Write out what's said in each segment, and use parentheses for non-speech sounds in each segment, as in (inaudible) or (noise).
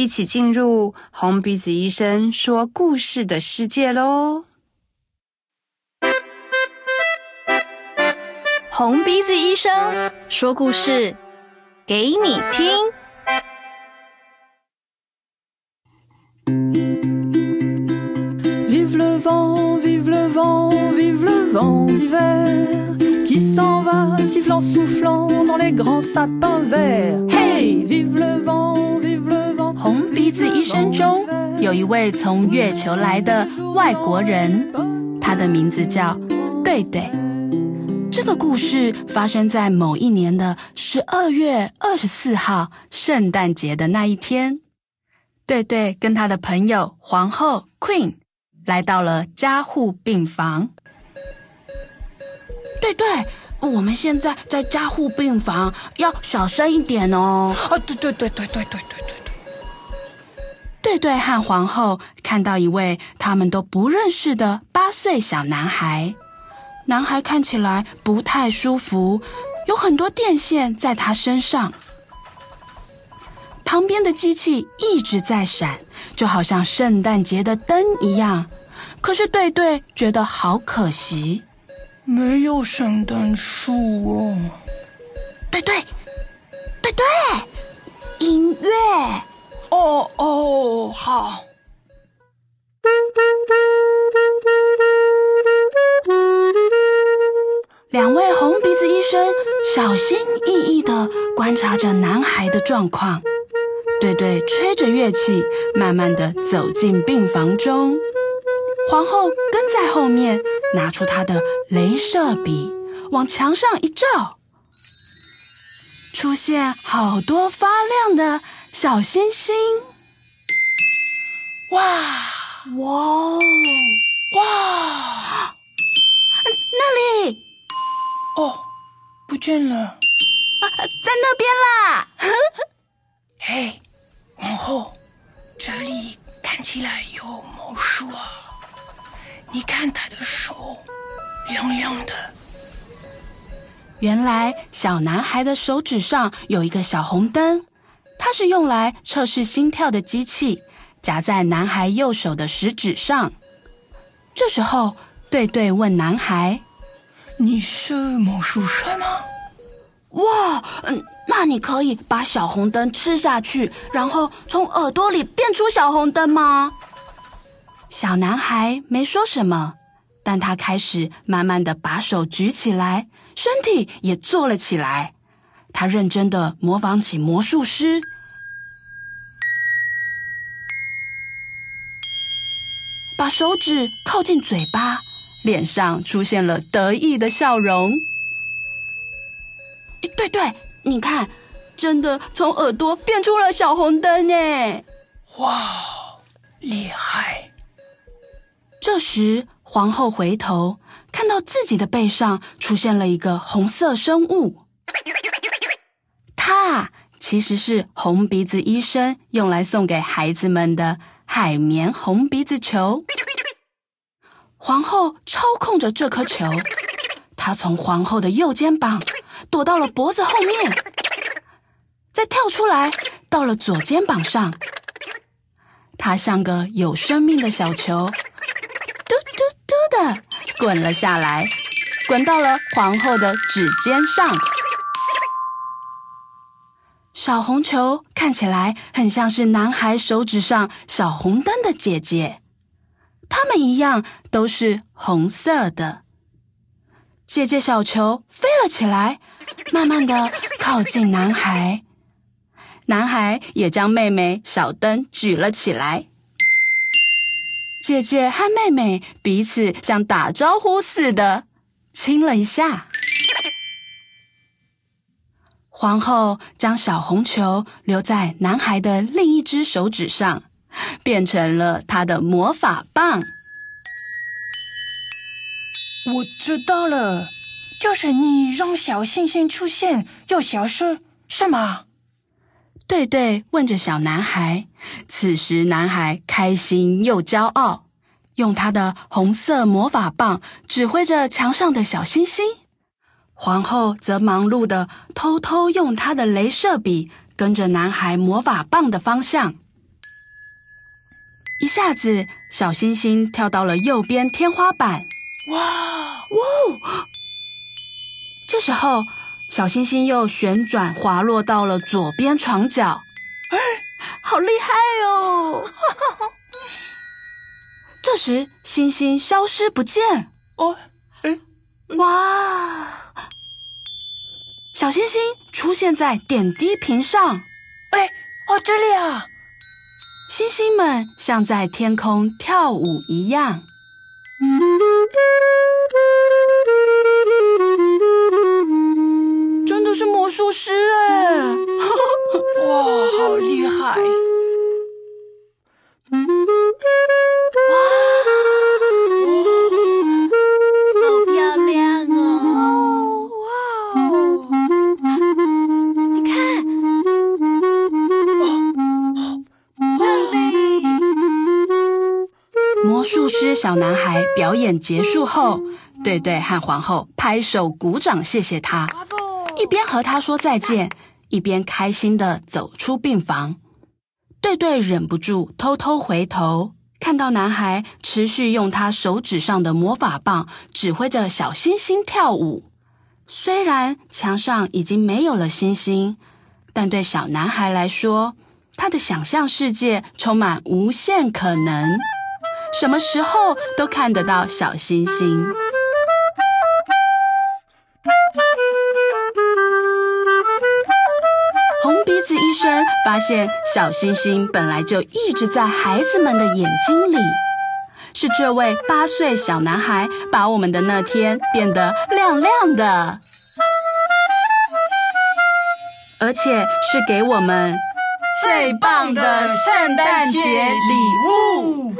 一起進入紅鼻子醫生說故事的世界嘍！紅鼻子醫生說故事給你聽，嘿！山中有一位從月球來的外國人，他的名字叫對對。這個故事發生在某一年的十二月二十四號聖誕節的那一天。對對跟他的朋友皇後 Queen 來到了加護病房。對對，我們現在在加護病房，要小聲一點哦。啊，對對對對對對對。對對和皇後看到一位他們都不認識的八歲小男孩，男孩看起來不太舒服，有很多電線在他身上，旁邊的機器一直在閃，就好像聖誕節的燈一樣。可是對對覺得好可惜，沒有聖誕樹哦。對對，對對，音樂。哦哦，好。兩位紅鼻子醫生小心翼翼的觀察着男孩的狀況，對對吹着樂器，慢慢的走進病房中。皇後跟在後面，拿出她的鐳射筆，往牆上一照，出現好多發亮的。小星星，哇哇哇、啊！那裡哦，不見了，啊、在那邊啦。嘿，皇、hey, 後，這裡看起來有魔術啊！你看他的手，亮亮的。原來小男孩的手指上有一個小紅燈。它是用來測試心跳的機器，夾在男孩右手的食指上。這時候，對對問男孩：“你是魔術師嗎？”“哇，嗯，那你可以把小紅燈吃下去，然後從耳朵裡變出小紅燈嗎？”小男孩沒說什麼，但他開始慢慢的把手舉起來，身體也坐了起來。他認真的模仿起魔術師。把手指靠近嘴巴，臉上出現了得意的笑容。欸、對對，你看，真的從耳朵變出了小紅燈耶！哇，厲害！這時，皇后回頭看到自己的背上出現了一個紅色生物，它、嗯嗯嗯、其實是紅鼻子醫生用來送給孩子們的。海綿紅鼻子球，皇后操控着這顆球，她從皇後的右肩膀躲到了脖子後面，再跳出來到了左肩膀上。它像個有生命的小球，嘟嘟嘟的滾了下來，滾到了皇後的指尖上。小紅球看起來很像是男孩手指上小紅燈的姐姐，他們一樣都是紅色的。姐姐小球飛了起來，慢慢的靠近男孩，男孩也將妹妹小燈舉了起來。姐姐和妹妹彼此像打招呼似的親了一下。皇后將小紅球留在男孩的另一隻手指上，變成了他的魔法棒。我知道了，就是你讓小星星出現又消失，是嗎？對對，問着小男孩。此時男孩開心又驕傲，用他的紅色魔法棒指揮着牆上的小星星。皇后則忙碌地偷偷用她的雷射筆跟着男孩魔法棒的方向，一下子小星星跳到了右邊天花板。哇哇！這時候小星星又旋轉滑落到了左邊床角。哎，好厲害哦！這時星星消失不見。哦，哎，哇！小星星出現在點滴瓶上，哎，哦，這裡啊！星星們像在天空跳舞一樣，嗯、真的是魔術師哎！哇、嗯 (laughs) 哦，好厲害！魔術師小男孩表演結束後，對對和皇后拍手鼓掌，謝謝他。一邊和他說再見，一邊開心地走出病房。對對忍不住偷偷回頭，看到男孩持續用他手指上的魔法棒指揮着小星星跳舞。雖然牆上已經沒有了星星，但對小男孩來說，他的想象世界充滿無限可能。什麼時候都看得到小星星。紅鼻子醫生發現，小星星本來就一直在孩子們的眼睛裡。是這位八歲小男孩把我們的那天變得亮亮的，而且是給我們最棒的聖誕節禮物。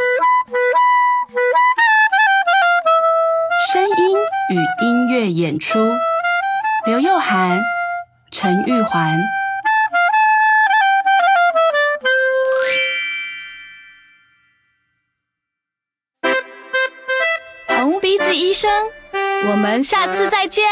演出：劉又菡、陳玉環。紅鼻子醫生，我們下次再見。